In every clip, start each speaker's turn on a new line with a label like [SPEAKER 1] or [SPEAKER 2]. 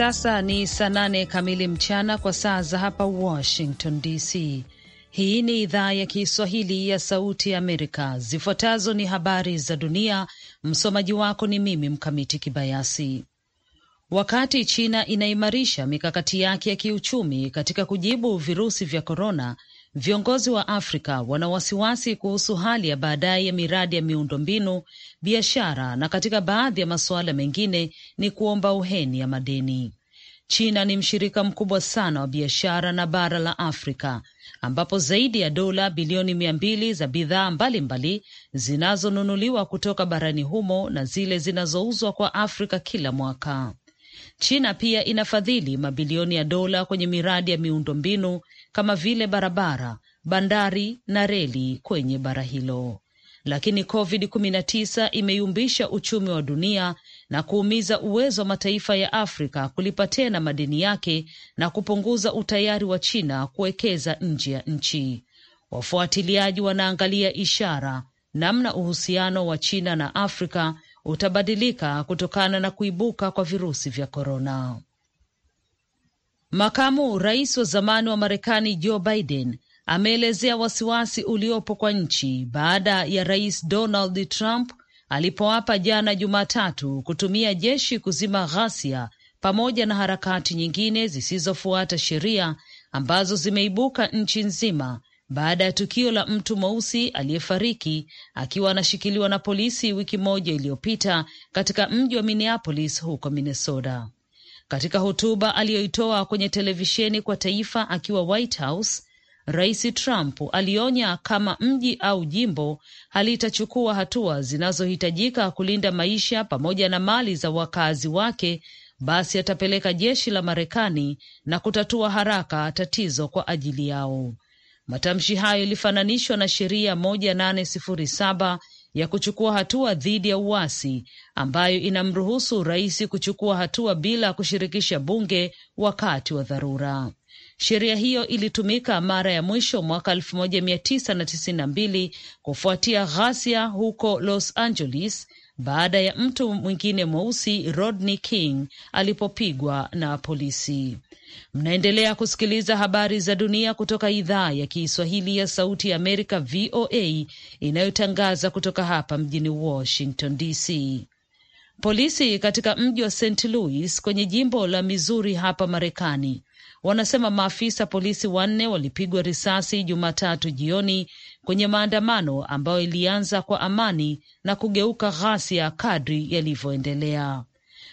[SPEAKER 1] sasa ni saa nane kamili mchana kwa saa za hapa Washington DC. Hii ni idhaa ya Kiswahili ya Sauti ya Amerika. Zifuatazo ni habari za dunia. Msomaji wako ni mimi Mkamiti Kibayasi. Wakati China inaimarisha mikakati yake ya kiuchumi katika kujibu virusi vya korona Viongozi wa Afrika wana wasiwasi kuhusu hali ya baadaye ya miradi ya miundombinu, biashara na katika baadhi ya masuala mengine ni kuomba uheni ya madeni. China ni mshirika mkubwa sana wa biashara na bara la Afrika ambapo zaidi ya dola bilioni mia mbili za bidhaa mbalimbali zinazonunuliwa kutoka barani humo na zile zinazouzwa kwa Afrika kila mwaka. China pia inafadhili mabilioni ya dola kwenye miradi ya miundombinu kama vile barabara, bandari na reli kwenye bara hilo. Lakini COVID-19 imeyumbisha uchumi wa dunia na kuumiza uwezo wa mataifa ya Afrika kulipa tena madeni yake na kupunguza utayari wa China kuwekeza nje ya nchi. Wafuatiliaji wanaangalia ishara, namna uhusiano wa China na Afrika utabadilika kutokana na kuibuka kwa virusi vya korona. Makamu rais wa zamani wa Marekani Joe Biden ameelezea wasiwasi uliopo kwa nchi baada ya rais Donald Trump alipoapa jana Jumatatu kutumia jeshi kuzima ghasia pamoja na harakati nyingine zisizofuata sheria ambazo zimeibuka nchi nzima baada ya tukio la mtu mweusi aliyefariki akiwa anashikiliwa na polisi wiki moja iliyopita katika mji wa Minneapolis huko Minnesota. Katika hotuba aliyoitoa kwenye televisheni kwa taifa akiwa White House, Rais Trump alionya kama mji au jimbo halitachukua hatua zinazohitajika kulinda maisha pamoja na mali za wakazi wake, basi atapeleka jeshi la Marekani na kutatua haraka tatizo kwa ajili yao. Matamshi hayo ilifananishwa na sheria saba ya kuchukua hatua dhidi ya uasi ambayo inamruhusu rais kuchukua hatua bila kushirikisha bunge wakati wa dharura. Sheria hiyo ilitumika mara ya mwisho mwaka 1992 kufuatia ghasia huko Los Angeles baada ya mtu mwingine mweusi Rodney King alipopigwa na polisi. Mnaendelea kusikiliza habari za dunia kutoka idhaa ya Kiswahili ya Sauti ya Amerika, VOA, inayotangaza kutoka hapa mjini Washington DC. Polisi katika mji wa St Louis kwenye jimbo la Missouri hapa Marekani wanasema maafisa polisi wanne walipigwa risasi Jumatatu jioni kwenye maandamano ambayo ilianza kwa amani na kugeuka ghasia kadri yalivyoendelea.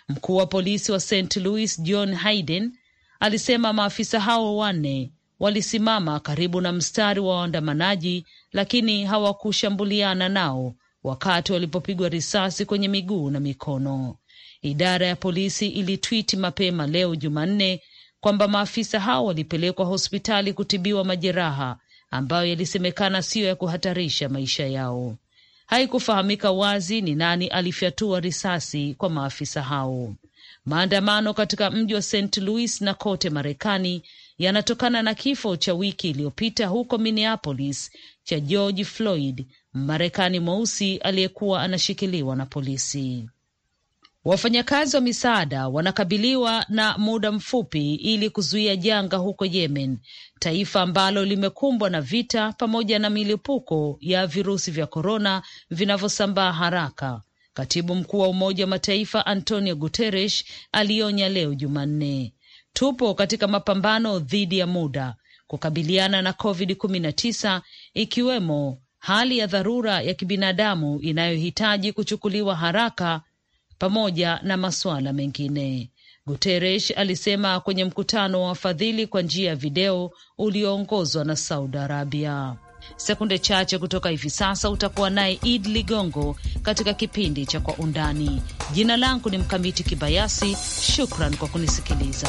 [SPEAKER 1] Mkuu wa polisi wa St Louis John Hayden alisema maafisa hao wanne walisimama karibu na mstari wa waandamanaji, lakini hawakushambuliana nao wakati walipopigwa risasi kwenye miguu na mikono. Idara ya polisi ilitwiti mapema leo Jumanne kwamba maafisa hao walipelekwa hospitali kutibiwa majeraha ambayo yalisemekana siyo ya kuhatarisha maisha yao. Haikufahamika wazi ni nani alifyatua risasi kwa maafisa hao. Maandamano katika mji wa St Louis na kote Marekani yanatokana na kifo cha wiki iliyopita huko Minneapolis cha George Floyd, Mmarekani mweusi aliyekuwa anashikiliwa na polisi. Wafanyakazi wa misaada wanakabiliwa na muda mfupi ili kuzuia janga huko Yemen, taifa ambalo limekumbwa na vita pamoja na milipuko ya virusi vya korona vinavyosambaa haraka. Katibu mkuu wa Umoja wa Mataifa Antonio Guterres alionya leo Jumanne, tupo katika mapambano dhidi ya muda kukabiliana na COVID-19 ikiwemo hali ya dharura ya kibinadamu inayohitaji kuchukuliwa haraka pamoja na masuala mengine. Guterres alisema kwenye mkutano wa wafadhili kwa njia ya video ulioongozwa na Saudi Arabia. Sekunde chache kutoka hivi sasa utakuwa naye Id Ligongo katika kipindi cha Kwa Undani. Jina langu ni Mkamiti Kibayasi. Shukran kwa kunisikiliza.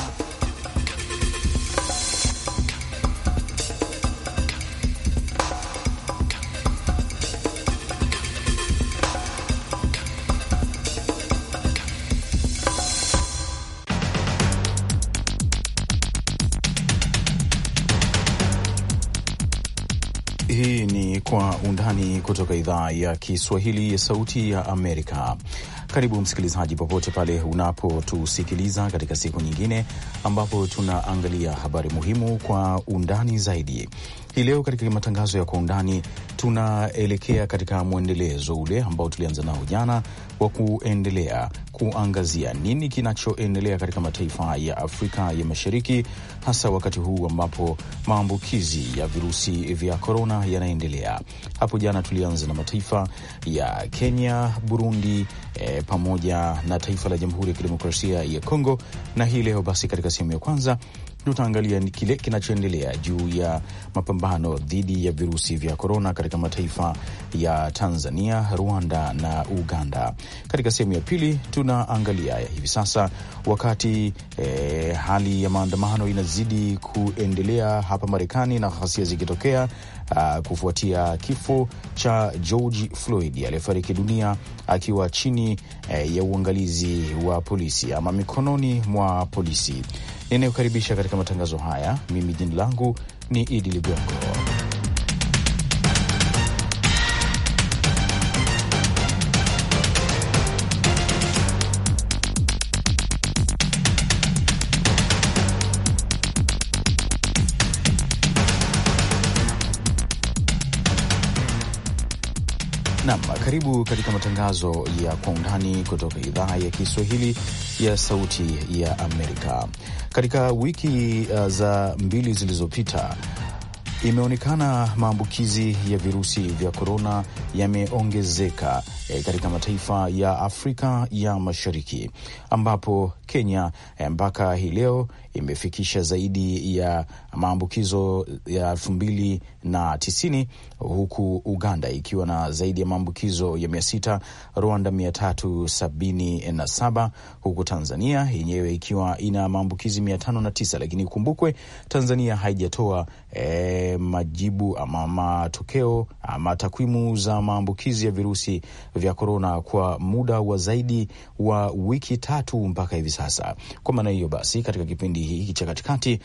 [SPEAKER 2] kutoka idhaa ya Kiswahili ya Sauti ya Amerika. Karibu msikilizaji, popote pale unapotusikiliza katika siku nyingine ambapo tunaangalia habari muhimu kwa undani zaidi. Hii leo katika matangazo ya kwa undani tunaelekea katika mwendelezo ule ambao tulianza nao jana wa kuendelea kuangazia nini kinachoendelea katika mataifa ya Afrika ya Mashariki, hasa wakati huu ambapo maambukizi ya virusi vya korona yanaendelea. Hapo jana tulianza na mataifa ya Kenya, Burundi e, pamoja na taifa la Jamhuri ya Kidemokrasia ya Kongo, na hii leo basi katika sehemu ya kwanza tutaangalia ni kile kinachoendelea juu ya mapambano dhidi ya virusi vya korona katika mataifa ya Tanzania, Rwanda na Uganda. Katika sehemu ya pili tunaangalia hivi sasa wakati eh, hali ya maandamano inazidi kuendelea hapa Marekani na ghasia zikitokea Uh, kufuatia kifo cha George Floyd aliyefariki dunia akiwa chini uh, ya uangalizi wa polisi ama mikononi mwa polisi ninayokaribisha katika matangazo haya. Mimi jina langu ni Idi Ligongo. Nam, karibu katika matangazo ya kwa undani kutoka idhaa ya Kiswahili ya Sauti ya Amerika. Katika wiki uh, za mbili zilizopita imeonekana maambukizi ya virusi vya korona yameongezeka e, katika mataifa ya Afrika ya Mashariki ambapo Kenya eh, mpaka hii leo imefikisha zaidi ya maambukizo ya elfu mbili na tisini huku Uganda ikiwa na zaidi ya maambukizo ya mia sita, Rwanda mia tatu sabini na saba, huku Tanzania yenyewe ikiwa ina maambukizi mia tano na tisa. Lakini ikumbukwe Tanzania haijatoa e, majibu ama matokeo ama takwimu za maambukizi ya virusi vya korona kwa muda wa zaidi wa wiki tatu mpaka hivi sasa. Kwa maana hiyo basi katika kipindi kipindi hiki cha katikati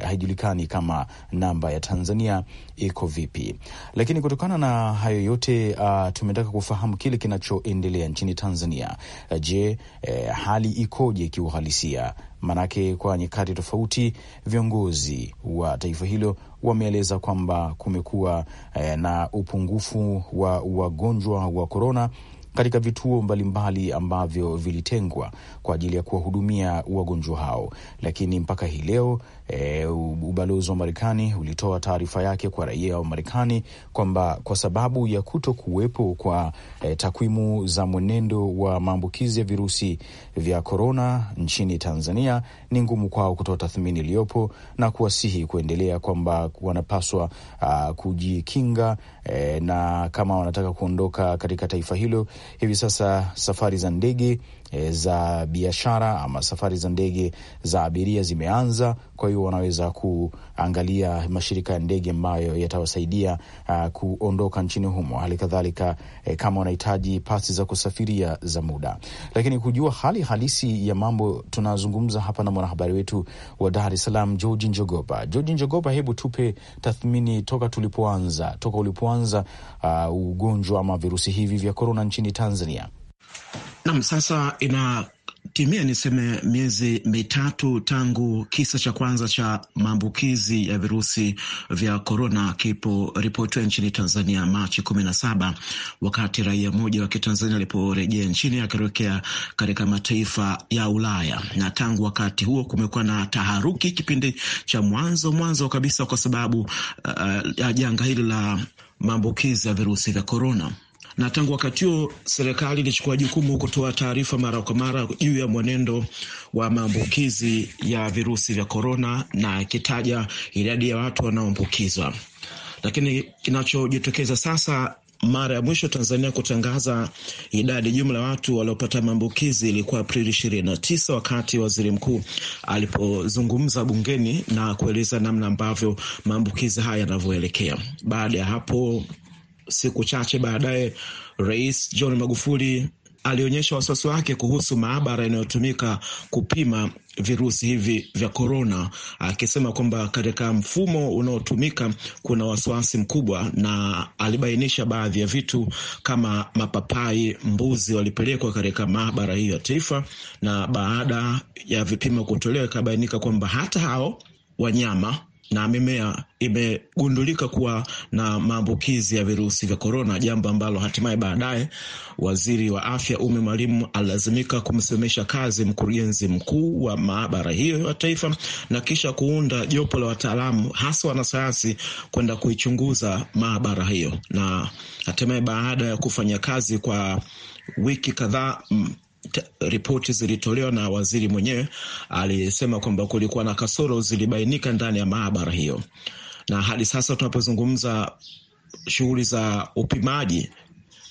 [SPEAKER 2] haijulikani kama namba ya Tanzania iko vipi, lakini kutokana na hayo yote uh, tumetaka kufahamu kile kinachoendelea nchini Tanzania. Uh, je, eh, hali ikoje kiuhalisia? Maanake kwa nyakati tofauti viongozi wa taifa hilo wameeleza kwamba kumekuwa eh, na upungufu wa wagonjwa wa korona wa katika vituo mbalimbali mbali ambavyo vilitengwa kwa ajili ya kuwahudumia wagonjwa hao, lakini mpaka hii leo E, ubalozi wa Marekani ulitoa taarifa yake kwa raia wa Marekani kwamba kwa sababu ya kuto kuwepo kwa e, takwimu za mwenendo wa maambukizi ya virusi vya korona nchini Tanzania ni ngumu kwao kutoa tathmini iliyopo na kuwasihi kuendelea kwamba wanapaswa a, ah, kujikinga e, na kama wanataka kuondoka katika taifa hilo hivi sasa, safari za ndege e, za biashara ama safari za ndege za abiria zimeanza. Kwa hiyo wanaweza kuangalia mashirika ya ndege ambayo yatawasaidia uh, kuondoka nchini humo. Hali kadhalika e, kama wanahitaji pasi za kusafiria za muda. Lakini kujua hali halisi ya mambo, tunazungumza hapa na mwanahabari wetu wa Dar es Salaam George Njogopa. George Njogopa, hebu tupe tathmini toka tulipoanza, toka ulipoanza uh, ugonjwa ama virusi hivi vya korona nchini Tanzania.
[SPEAKER 3] Nam, sasa inatimia niseme miezi mitatu tangu kisa cha kwanza cha maambukizi ya virusi vya korona ripotiwa nchini Tanzania Machi kumi na saba, wakati raia mmoja wa Kitanzania aliporejea nchini akitokea katika mataifa ya Ulaya. Na tangu wakati huo kumekuwa na taharuki, kipindi cha mwanzo mwanzo kabisa, kwa sababu uh, uh ya janga hili la maambukizi ya virusi vya korona na tangu wakati huo serikali ilichukua jukumu kutoa taarifa mara kwa mara juu ya mwenendo wa maambukizi ya virusi vya korona, na ikitaja idadi ya watu wanaoambukizwa. Lakini kinachojitokeza sasa, mara ya mwisho Tanzania kutangaza idadi jumla ya watu waliopata maambukizi ilikuwa Aprili tisa wakati waziri mkuu alipozungumza bungeni na kueleza namna ambavyo maambukizi haya yanavyoelekea. Baada ya hapo siku chache baadaye, Rais John Magufuli alionyesha wasiwasi wake kuhusu maabara yanayotumika kupima virusi hivi vya korona, akisema kwamba katika mfumo unaotumika kuna wasiwasi mkubwa, na alibainisha baadhi ya vitu kama mapapai, mbuzi walipelekwa katika maabara hiyo ya taifa, na baada ya vipimo kutolewa ikabainika kwamba hata hao wanyama na mimea imegundulika kuwa na maambukizi ya virusi vya korona, jambo ambalo hatimaye baadaye waziri wa afya Ume Mwalimu alilazimika kumsimamisha kazi mkurugenzi mkuu wa maabara hiyo ya taifa na kisha kuunda jopo la wataalamu hasa wanasayansi kwenda kuichunguza maabara hiyo, na hatimaye baada ya kufanya kazi kwa wiki kadhaa ripoti zilitolewa na waziri mwenyewe alisema kwamba kulikuwa na kasoro zilibainika ndani ya maabara hiyo, na hadi sasa tunapozungumza, shughuli za upimaji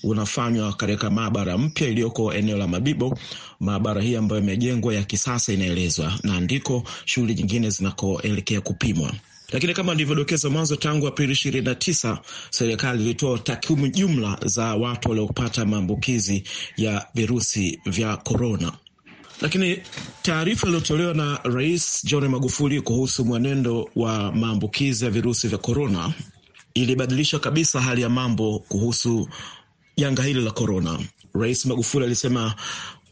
[SPEAKER 3] unafanywa katika maabara mpya iliyoko eneo la Mabibo. Maabara hii ambayo imejengwa ya kisasa inaelezwa, na ndiko shughuli nyingine zinakoelekea kupimwa. Lakini kama ilivyodokeza mwanzo, tangu Aprili tisa serikali ilitoa takwimu jumla za watu waliopata maambukizi ya virusi vya korona. Lakini taarifa iliyotolewa na Rais John Magufuli kuhusu mwenendo wa maambukizi ya virusi vya korona ilibadilisha kabisa hali ya mambo kuhusu janga hili la korona. Rais Magufuli alisema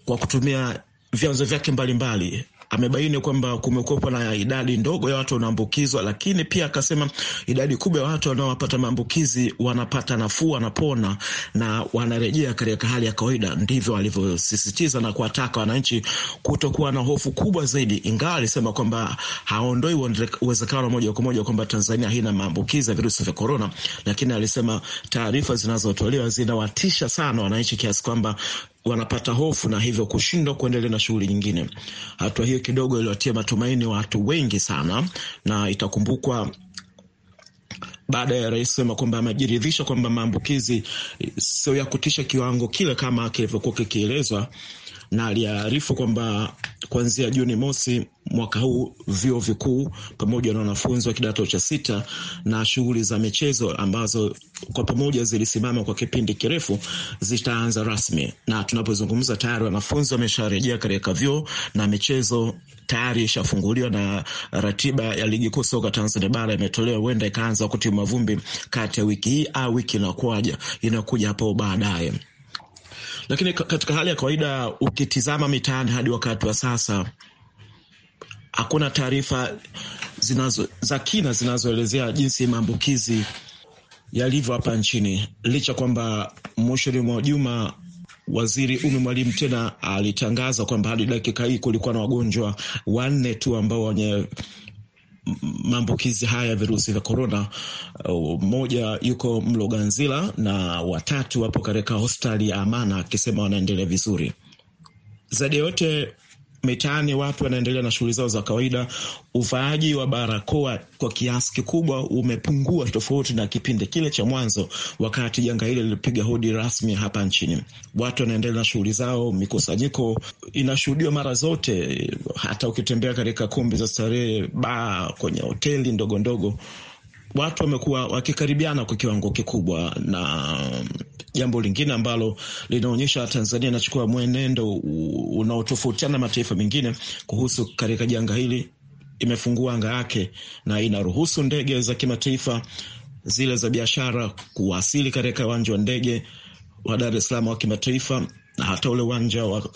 [SPEAKER 3] kwa kutumia vyanzo vyake mbalimbali amebaini kwamba kumekuwepo na idadi ndogo ya watu wanaambukizwa, lakini pia akasema idadi kubwa ya watu wanaopata maambukizi wanapata nafuu, wanapona na wanarejea katika hali ya kawaida. Ndivyo alivyosisitiza na kuwataka wananchi kutokuwa na hofu kubwa zaidi, ingawa alisema kwamba haondoi uwezekano moja kwa moja kwamba Tanzania haina maambukizi ya virusi vya korona, lakini alisema taarifa zinazotolewa zinawatisha sana wananchi kiasi kwamba wanapata hofu na hivyo kushindwa kuendelea na shughuli nyingine. Hatua hiyo kidogo iliwatia matumaini watu wengi sana, na itakumbukwa baada ya rais sema kwamba amejiridhisha kwamba maambukizi sio ya kutisha kiwango kile kama kilivyokuwa kikielezwa na aliarifu kwamba kuanzia Juni mosi mwaka huu vyuo vikuu pamoja na wanafunzi wa kidato cha sita na shughuli za michezo ambazo kwa pamoja zilisimama kwa kipindi kirefu zitaanza rasmi, na tunapozungumza tayari wanafunzi wamesharejea katika vyuo na michezo tayari ishafunguliwa na ratiba ya ligi kuu soka Tanzania bara imetolewa, huenda ikaanza kutimua vumbi kati ya wiki hii au wiki inakuja hapo baadaye. Lakini katika hali ya kawaida, ukitizama mitaani hadi wakati wa sasa, hakuna taarifa zinazo za kina zinazoelezea jinsi maambukizi yalivyo hapa nchini, licha kwamba mwishoni mwa juma Waziri Umi Mwalimu tena alitangaza kwamba hadi dakika hii kulikuwa na wagonjwa wanne tu ambao wenye maambukizi haya ya virusi vya korona. Mmoja uh, yuko Mloganzila na watatu wapo katika hospitali ya Amana akisema wanaendelea vizuri. Zaidi ya yote mitaani watu wanaendelea na shughuli zao za kawaida. Uvaaji wa barakoa kwa kiasi kikubwa umepungua, tofauti na kipindi kile cha mwanzo, wakati janga hili lilipiga hodi rasmi hapa nchini. Watu wanaendelea na shughuli zao, mikusanyiko inashuhudiwa mara zote, hata ukitembea katika kumbi za starehe, baa, kwenye hoteli ndogo ndogo watu wamekuwa wakikaribiana kwa kiwango kikubwa, na um, jambo lingine ambalo linaonyesha Tanzania inachukua mwenendo unaotofautiana na mataifa mengine kuhusu katika janga hili, imefungua anga yake na inaruhusu ndege za kimataifa zile za biashara kuwasili katika uwanja wa ndege wa Dar es Salaam wa kimataifa na hata ule uwanja wa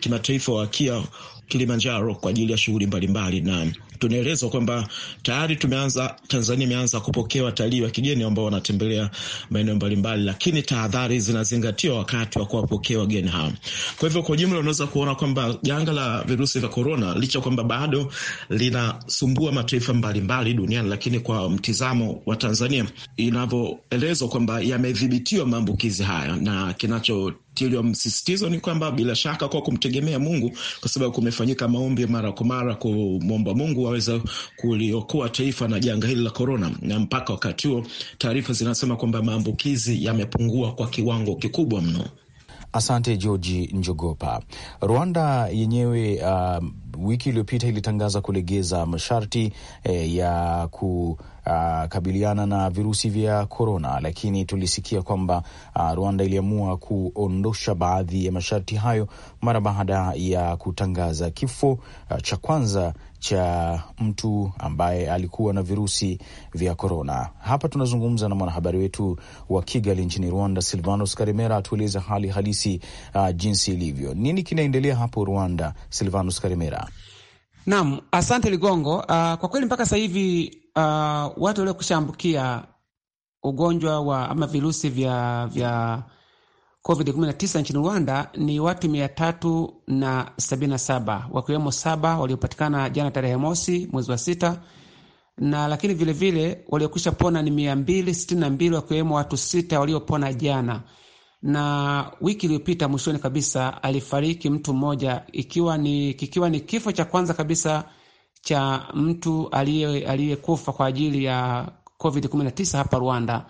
[SPEAKER 3] kimataifa wa KIA Kilimanjaro kwa ajili ya shughuli mbalimbali na tunaelezwa kwamba tayari tumeanza, Tanzania imeanza kupokea watalii wa kigeni ambao wanatembelea maeneo mbalimbali, lakini tahadhari zinazingatiwa wakati wa kuwapokea wageni hao. Kwa hivyo, kwa ujumla, unaweza kuona kwamba janga la virusi vya korona, licha kwamba bado linasumbua mataifa mbalimbali duniani, lakini kwa mtizamo wa Tanzania inavyoelezwa kwamba yamedhibitiwa maambukizi haya na kinacho tilio msisitizo ni kwamba bila shaka kwa kumtegemea Mungu, kwa sababu kumefanyika maombi mara kwa mara kumwomba Mungu waweza kuliokoa taifa na janga hili la korona. Na mpaka wakati huo
[SPEAKER 2] taarifa zinasema kwamba maambukizi yamepungua kwa kiwango kikubwa mno. Asante Georgi Njogopa. Rwanda yenyewe um wiki iliyopita ilitangaza kulegeza masharti eh, ya ku Uh, kabiliana na virusi vya korona, lakini tulisikia kwamba uh, Rwanda iliamua kuondosha baadhi ya masharti hayo mara baada ya kutangaza kifo uh, cha kwanza cha mtu ambaye alikuwa na virusi vya korona. Hapa tunazungumza na mwanahabari wetu wa Kigali nchini Rwanda, Silvanos Karimera, atueleza hali halisi uh, jinsi ilivyo. Nini kinaendelea hapo Rwanda, Silvanos Karimera?
[SPEAKER 4] Naam, asante Ligongo. Uh, kwa kweli mpaka sasa hivi uh, watu waliokushaambukia ugonjwa wa ama virusi vya vya COVID-19 nchini Rwanda ni watu mia tatu na sabini na saba wakiwemo saba waliopatikana jana tarehe mosi mwezi wa sita na lakini vilevile waliokwisha pona ni mia mbili sitini na mbili wakiwemo watu sita waliopona jana na wiki iliyopita mwishoni kabisa alifariki mtu mmoja, ikiwa ni kikiwa ni kifo cha kwanza kabisa cha mtu aliyekufa kwa ajili ya COVID-19 hapa Rwanda.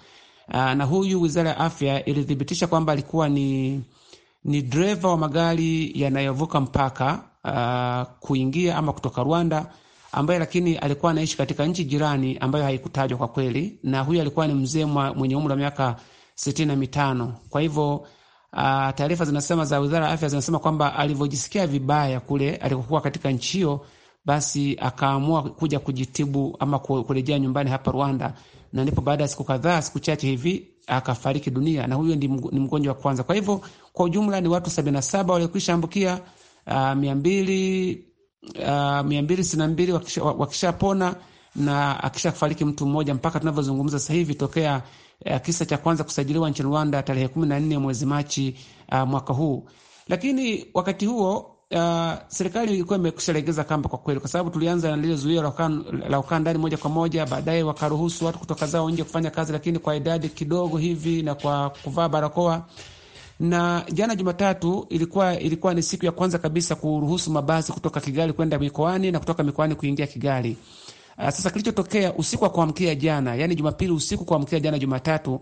[SPEAKER 4] Aa, ah, na huyu wizara ya afya ilithibitisha kwamba alikuwa ni, ni dreva wa magari yanayovuka mpaka aa, ah, kuingia ama kutoka Rwanda ambaye lakini alikuwa anaishi katika nchi jirani ambayo haikutajwa kwa kweli, na huyu alikuwa ni mzee mwenye umri wa miaka sitini na mitano. Kwa hivyo uh, taarifa zinasema za wizara ya afya zinasema kwamba alivyojisikia vibaya kule alikokuwa katika nchi hiyo, basi akaamua kuja kujitibu ama kurejea nyumbani hapa Rwanda, na ndipo baada ya siku kadhaa, siku chache hivi akafariki dunia, na huyo ni mgonjwa wa kwanza. Kwa hivyo kwa ujumla ni watu 77 waliokwisha ambukia ah, mia mbili ah, mia mbili sitini na mbili wakishapona na akishafariki mtu mmoja mpaka tunavyozungumza sasa hivi tokea Eh, kisa cha kwanza kusajiliwa nchini Rwanda tarehe kumi na nne mwezi Machi uh, mwaka huu. Lakini wakati huo Uh, serikali ilikuwa imekushalegeza kamba kwa kweli, kwa sababu tulianza na lile zuio la ukaa ndani moja kwa moja, baadaye wakaruhusu watu kutoka zao nje kufanya kazi, lakini kwa idadi kidogo hivi na kwa kuvaa barakoa. Na jana Jumatatu ilikuwa, ilikuwa ni siku ya kwanza kabisa kuruhusu mabasi kutoka Kigali kwenda mikoani na kutoka mikoani kuingia Kigali. Uh, sasa kilichotokea usiku wa kuamkia jana, yani Jumapili usiku kuamkia jana Jumatatu, uh,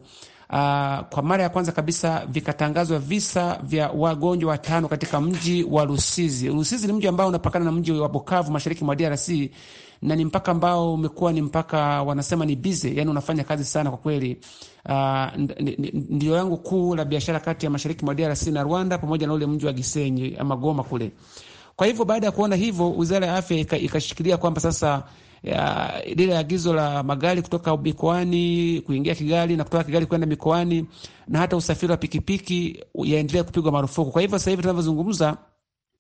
[SPEAKER 4] kwa mara ya kwanza kabisa vikatangazwa visa vya wagonjwa watano katika mji wa Rusizi. Rusizi ni mji ambao unapakana na mji wa Bukavu mashariki mwa DRC na ni mpaka ambao umekuwa ni mpaka wanasema ni bize, yani unafanya kazi sana kwa kweli. Uh, ndio yangu kuu la biashara kati ya mashariki mwa DRC na Rwanda pamoja na ule mji wa Gisenyi ama Goma kule. Kwa hivyo baada ya kuona hivyo, wizara ya afya ikashikilia kwamba sasa ya lile agizo la magari kutoka mikoani kuingia Kigali na kutoka Kigali kwenda mikoani na hata usafiri wa pikipiki yaendelee kupigwa marufuku. Kwa hivyo sasa hivi tunavyozungumza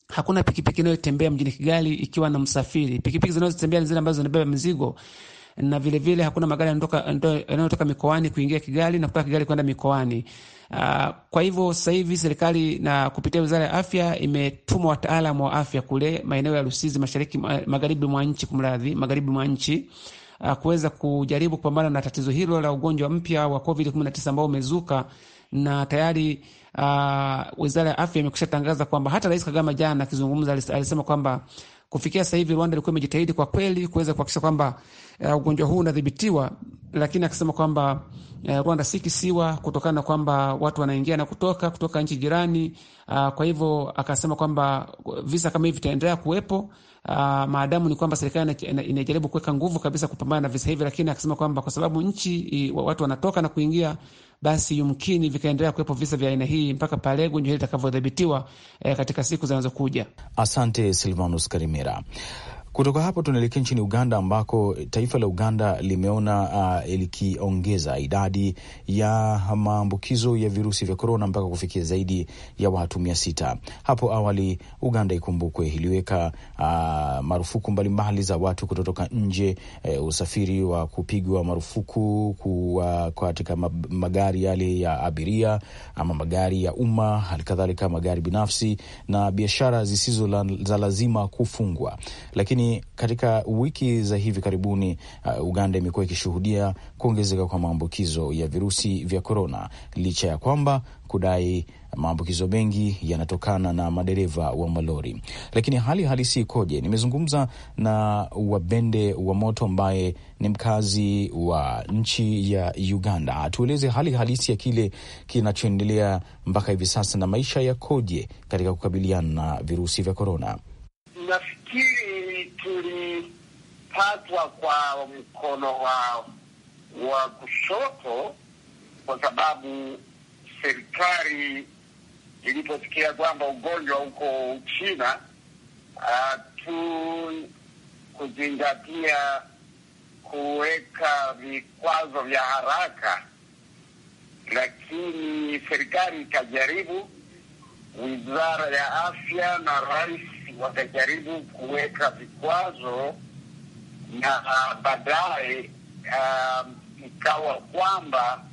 [SPEAKER 4] hakuna pikipiki inayotembea mjini Kigali ikiwa na msafiri. Pikipiki zinazotembea ni zile ambazo zinabeba mizigo na vilevile vile hakuna magari yanayotoka mikoani kuingia Kigali na kutoka Kigali kwenda mikoani. Uh, kwa hivyo sasa hivi serikali na kupitia wizara ya afya imetuma wataalam wa afya kule maeneo ya Rusizi, mashariki magharibi mwa nchi, kumradhi, magharibi mwa nchi uh, kuweza kujaribu kupambana na tatizo hilo la ugonjwa mpya wa COVID-19 ambao umezuka na tayari uh, wizara ya afya imekusha tangaza kwamba hata Rais Kagame jana akizungumza alisema kwamba Kufikia sasa hivi Rwanda ilikuwa imejitahidi kwa kweli kuweza kuhakikisha kwamba uh, ugonjwa huu unadhibitiwa, lakini akisema kwamba uh, Rwanda si kisiwa kutokana na kwamba watu wanaingia na kutoka kutoka nchi jirani. Uh, kwa hivyo akasema kwamba visa kama hivi vitaendelea kuwepo uh, maadamu ni kwamba serikali inajaribu kuweka nguvu kabisa kupambana na visa hivi, lakini akasema kwamba kwa sababu nchi watu wanatoka na kuingia basi yumkini vikaendelea kuwepo visa vya aina hii mpaka pale gonjwa hili litakavyodhibitiwa eh, katika siku zinazokuja.
[SPEAKER 2] Asante Silvanus Karimera. Kutoka hapo tunaelekea nchini Uganda ambako taifa la Uganda limeona uh, likiongeza idadi ya maambukizo ya virusi vya korona mpaka kufikia zaidi ya watu mia sita. Hapo awali Uganda ikumbukwe, iliweka uh, marufuku mbalimbali za watu kutotoka nje, uh, usafiri wa kupigwa marufuku kuwa uh, katika magari yale ya abiria ama magari ya umma, halikadhalika magari binafsi na biashara zisizo la, za lazima kufungwa lakini lakini katika wiki za hivi karibuni uh, Uganda imekuwa ikishuhudia kuongezeka kwa maambukizo ya virusi vya korona licha ya kwamba kudai maambukizo mengi yanatokana na madereva wa malori. Lakini hali halisi ikoje? Nimezungumza na Wabende wa Moto ambaye ni mkazi wa nchi ya Uganda, atueleze hali halisi ya kile kinachoendelea mpaka hivi sasa na maisha yakoje katika kukabiliana na virusi vya korona
[SPEAKER 5] nafikiri tulipatwa kwa mkono wa wa kushoto, kwa sababu serikali iliposikia kwamba ugonjwa huko Uchina tu kuzingatia kuweka vikwazo vya haraka, lakini serikali ikajaribu, wizara ya afya na rais wakajaribu kuweka vikwazo na uh, baadaye uh, ikawa kwamba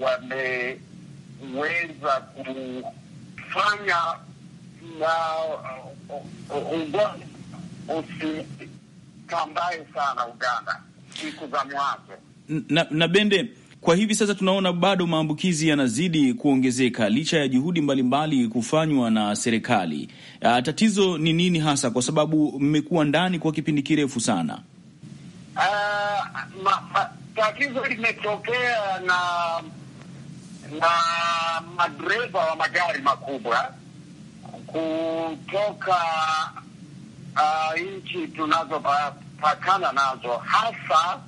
[SPEAKER 5] wameweza kufanya ugonjwa usitambae sana Uganda siku za mwanzo
[SPEAKER 2] na, na Bende kwa hivi sasa tunaona bado maambukizi yanazidi kuongezeka licha ya juhudi mbalimbali kufanywa na serikali. Uh, tatizo ni nini hasa, kwa sababu mmekuwa ndani kwa kipindi kirefu sana?
[SPEAKER 5] Uh, ma, ma, tatizo limetokea na na madereva wa magari makubwa kutoka uh, nchi tunazopakana nazo hasa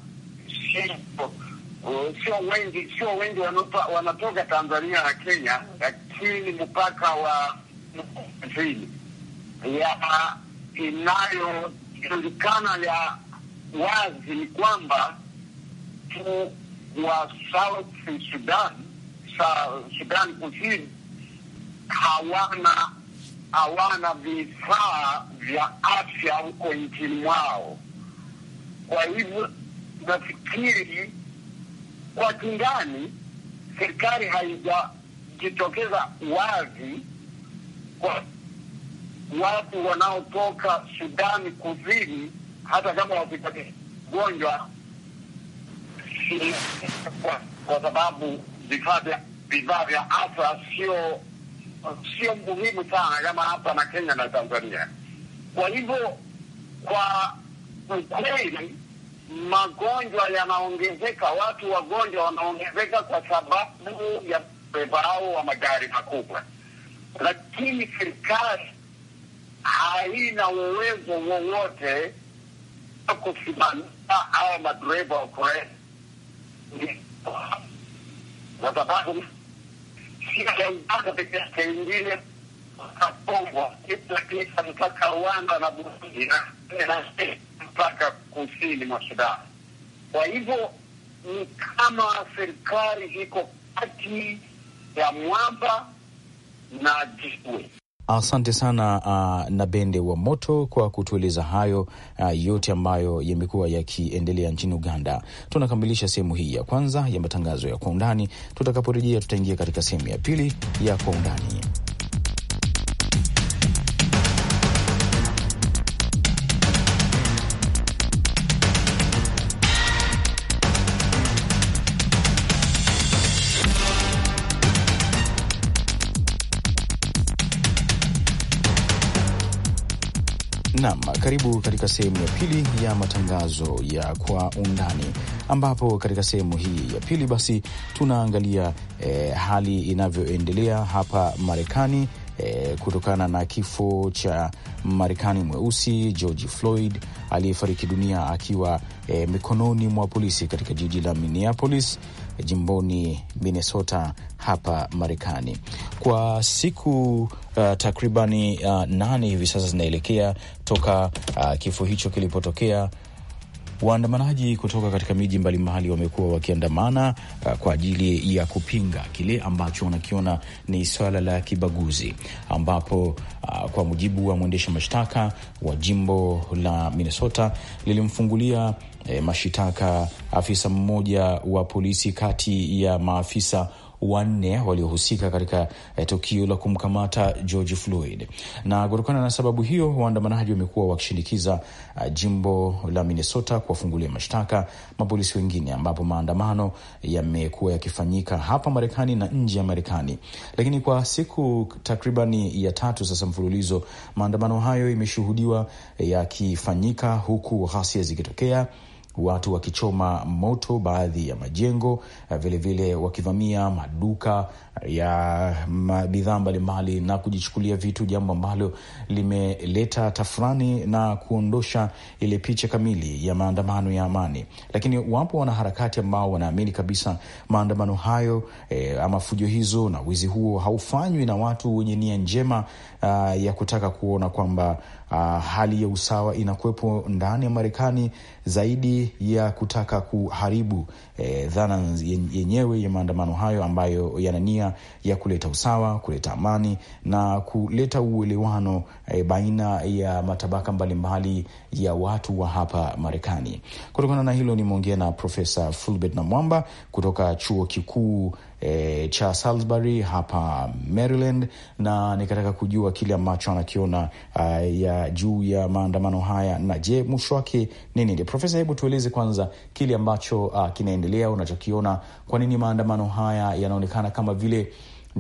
[SPEAKER 5] Uh, sio wengi, sio wengi wanatoka Tanzania na Kenya, lakini mpaka wa zili ya inayojulikana ya wazi ni kwamba tu wa South Sudan, Sudan Kusini hawana hawana vifaa vya afya huko nchini mwao. Kwa hivyo nafikiri kwa kindani, serikali haijajitokeza wazi kwa watu wanaotoka Sudani Kusini, hata kama wasipate gonjwa kwa, kwa sababu vifaa vya vifaa vya afya sio sio muhimu sana kama hapa na Kenya na Tanzania. Kwa hivyo kwa ukweli magonjwa yanaongezeka, watu wagonjwa wanaongezeka kwa sababu ya bebarao wa magari makubwa, lakini serikali haina uwezo wowote wa kusimamia haya madereva wa kuresa, kwa sababu siaaa pekee ingine akapongwa mpaka Rwanda na Burundi na mpaka kusini mwa Sudan. Kwa hivyo ni kama serikali iko kati ya mwamba na jiwe.
[SPEAKER 2] Asante sana uh, na Bende wa Moto kwa kutueleza hayo uh, yote ambayo yamekuwa yakiendelea nchini Uganda. Tunakamilisha sehemu hii ya kwanza ya matangazo ya Kwa Undani. Tutakaporejea tutaingia katika sehemu ya pili ya Kwa Undani. Nam, karibu katika sehemu ya pili ya matangazo ya kwa undani, ambapo katika sehemu hii ya pili basi tunaangalia eh, hali inavyoendelea hapa Marekani e, kutokana na kifo cha Marekani mweusi George Floyd aliyefariki dunia akiwa e, mikononi mwa polisi katika jiji la Minneapolis e, jimboni Minnesota hapa Marekani. Kwa siku uh, takribani uh, nane hivi sasa zinaelekea toka uh, kifo hicho kilipotokea Waandamanaji kutoka katika miji mbalimbali wamekuwa wakiandamana uh, kwa ajili ya kupinga kile ambacho wanakiona ni swala la kibaguzi, ambapo uh, kwa mujibu wa mwendesha mashtaka wa jimbo la Minnesota lilimfungulia eh, mashitaka afisa mmoja wa polisi kati ya maafisa wanne waliohusika katika eh, tukio la kumkamata George Floyd. Na kutokana na sababu hiyo, waandamanaji wamekuwa wakishinikiza uh, jimbo la Minnesota kuwafungulia mashtaka mapolisi wengine, ambapo maandamano yamekuwa yakifanyika hapa Marekani na nje ya Marekani. Lakini kwa siku takribani ya tatu sasa mfululizo, maandamano hayo imeshuhudiwa eh, yakifanyika huku ghasia zikitokea watu wakichoma moto baadhi ya majengo, vilevile eh, wakivamia maduka eh, ya bidhaa mbalimbali na kujichukulia vitu, jambo ambalo limeleta tafurani na kuondosha ile picha kamili ya maandamano ya amani. Lakini wapo wanaharakati ambao wanaamini kabisa maandamano hayo e, ama fujo hizo na wizi huo haufanywi na watu wenye nia njema, uh, ya kutaka kuona kwamba uh, hali ya usawa inakuwepo ndani ya Marekani zaidi ya kutaka kuharibu eh, dhana yenyewe ya maandamano hayo ambayo yana nia ya kuleta usawa, kuleta amani na kuleta uelewano eh, baina ya matabaka mbalimbali ya watu wa hapa Marekani. Kutokana na hilo, nimeongea na Profesa Fulbert Namwamba kutoka chuo kikuu E, cha Salisbury hapa Maryland, na nikataka kujua kile ambacho anakiona uh, ya juu ya maandamano haya, na je, mwisho wake nini? Ndio profesa, hebu tueleze kwanza kile ambacho uh, kinaendelea, unachokiona. Kwa nini maandamano haya yanaonekana kama vile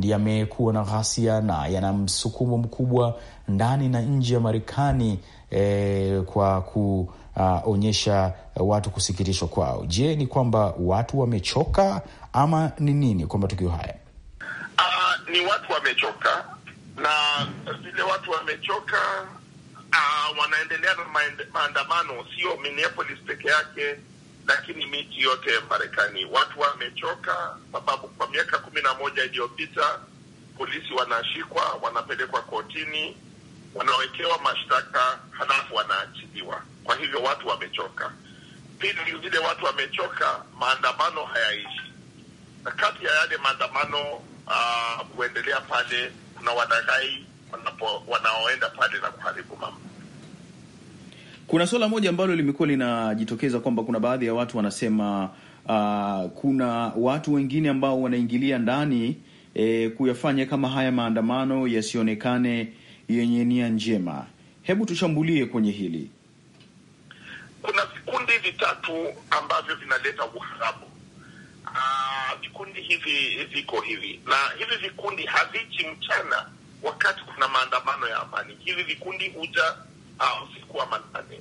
[SPEAKER 2] yamekuwa na ghasia na yana msukumo mkubwa ndani na nje ya Marekani e, kwa kuonyesha ah, uh, watu kusikitishwa kwao. Je, ni kwamba watu wamechoka ama ni nini kwa matukio haya?
[SPEAKER 6] Uh, ni watu wamechoka, na vile watu wamechoka uh, wanaendelea na maandamano, sio Minneapolis peke yake lakini miji yote ya Marekani watu wamechoka, sababu kwa miaka kumi na moja iliyopita polisi wanashikwa, wanapelekwa kotini, wanawekewa mashtaka halafu wanaachiliwa. Kwa hivyo watu wamechoka. Pili, vile watu wamechoka, maandamano hayaishi, na kati ya yale maandamano uh, kuendelea pale kuna
[SPEAKER 2] wadagai wanaoenda pale na kuharibu mambo. Kuna suala moja ambalo limekuwa linajitokeza kwamba kuna baadhi ya watu wanasema Uh, kuna watu wengine ambao wanaingilia ndani eh, kuyafanya kama haya maandamano yasionekane yenye nia njema. Hebu tushambulie kwenye hili.
[SPEAKER 6] Kuna vikundi vitatu ambavyo vinaleta uharabu. Ah, vikundi hivi viko hivi, na hivi vikundi havichi mchana wakati kuna maandamano ya amani. Hivi vikundi huja ah, usiku wa manane.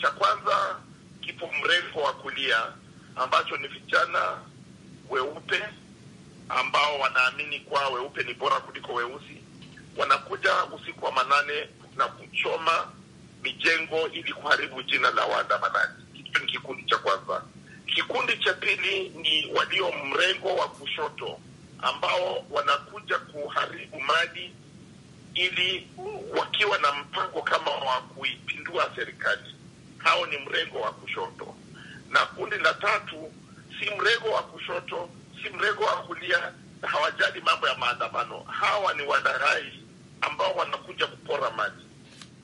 [SPEAKER 6] Cha kwanza kipo mrefu wa kulia, ambacho ni vijana weupe ambao wanaamini kuwa weupe ni bora kuliko weusi wanakuja usiku wa manane na kuchoma mijengo ili kuharibu jina la waandamanaji. Hicho ni kikundi cha kwanza. Kikundi cha pili ni walio mrengo wa kushoto ambao wanakuja kuharibu mali ili wakiwa na mpango kama wa kuipindua serikali. Hao ni mrengo wa kushoto. Na kundi la tatu si mrengo wa kushoto, si mrengo wa kulia, hawajali mambo ya maandamano. Hawa ni wadarai ambao wanakuja
[SPEAKER 2] kupora maji.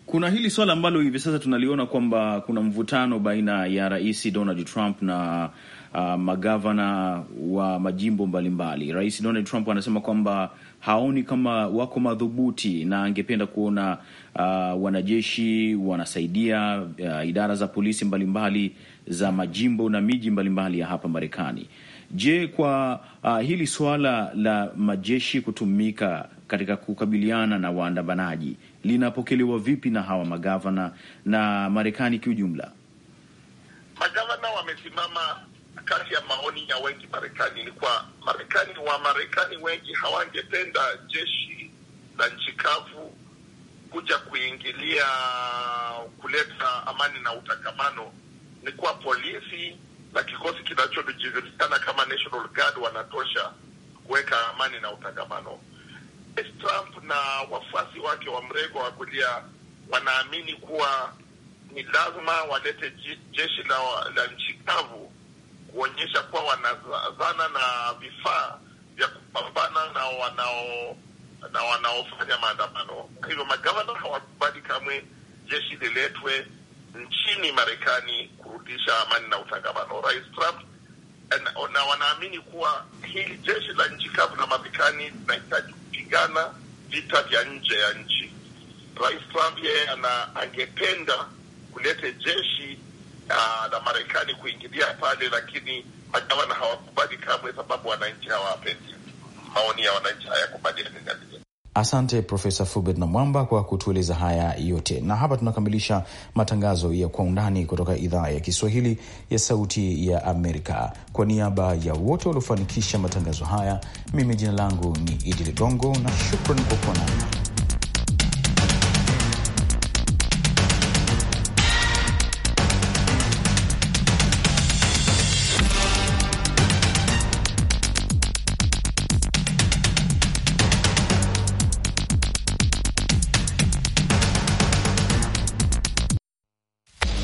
[SPEAKER 2] Kuna hili swala ambalo hivi sasa tunaliona kwamba kuna mvutano baina ya Rais Donald Trump na uh, magavana wa majimbo mbalimbali. Rais Donald Trump anasema kwamba haoni kama wako madhubuti na angependa kuona uh, wanajeshi wanasaidia uh, idara za polisi mbalimbali mbali za majimbo na miji mbalimbali mbali ya hapa Marekani. Je, kwa uh, hili suala la majeshi kutumika katika kukabiliana na waandamanaji linapokelewa vipi na hawa magavana na Marekani kiujumla? Magavana wamesimama kati ya maoni ya wengi
[SPEAKER 6] Marekani ni kwa Marekani wa Marekani wengi hawangependa jeshi la nchi kavu kuja kuingilia kuleta amani na utangamano. Ni kwa polisi na kikosi kinachojulikana kama National Guard wanatosha kuweka amani na utangamano. Trump na wafuasi wake wa mrengo wa kulia wanaamini kuwa ni lazima walete jeshi la, la nchi kavu kuonyesha kuwa wanazana na vifaa vya kupambana na wanao na wanaofanya maandamano. Kwa hivyo magavana hawakubali kamwe jeshi liletwe nchini Marekani kurudisha amani na utangamano. Rais Trump na, na wanaamini kuwa hili jeshi la nchi kavu la Marekani linahitaji kupigana vita vya nje ya nchi. Rais Trump yeye angependa kulete jeshi ah, la Marekani kuingilia pale, lakini majawana hawakubali
[SPEAKER 2] kamwe, sababu wananchi hawapendi. Maoni ya wananchi hayakubaliani Asante Profesa Fubert na Mwamba kwa kutueleza haya yote, na hapa tunakamilisha matangazo ya Kwa Undani kutoka idhaa ya Kiswahili ya Sauti ya Amerika. Kwa niaba ya wote waliofanikisha matangazo haya, mimi jina langu ni Idi Ligongo na shukran kwa kuwa nami.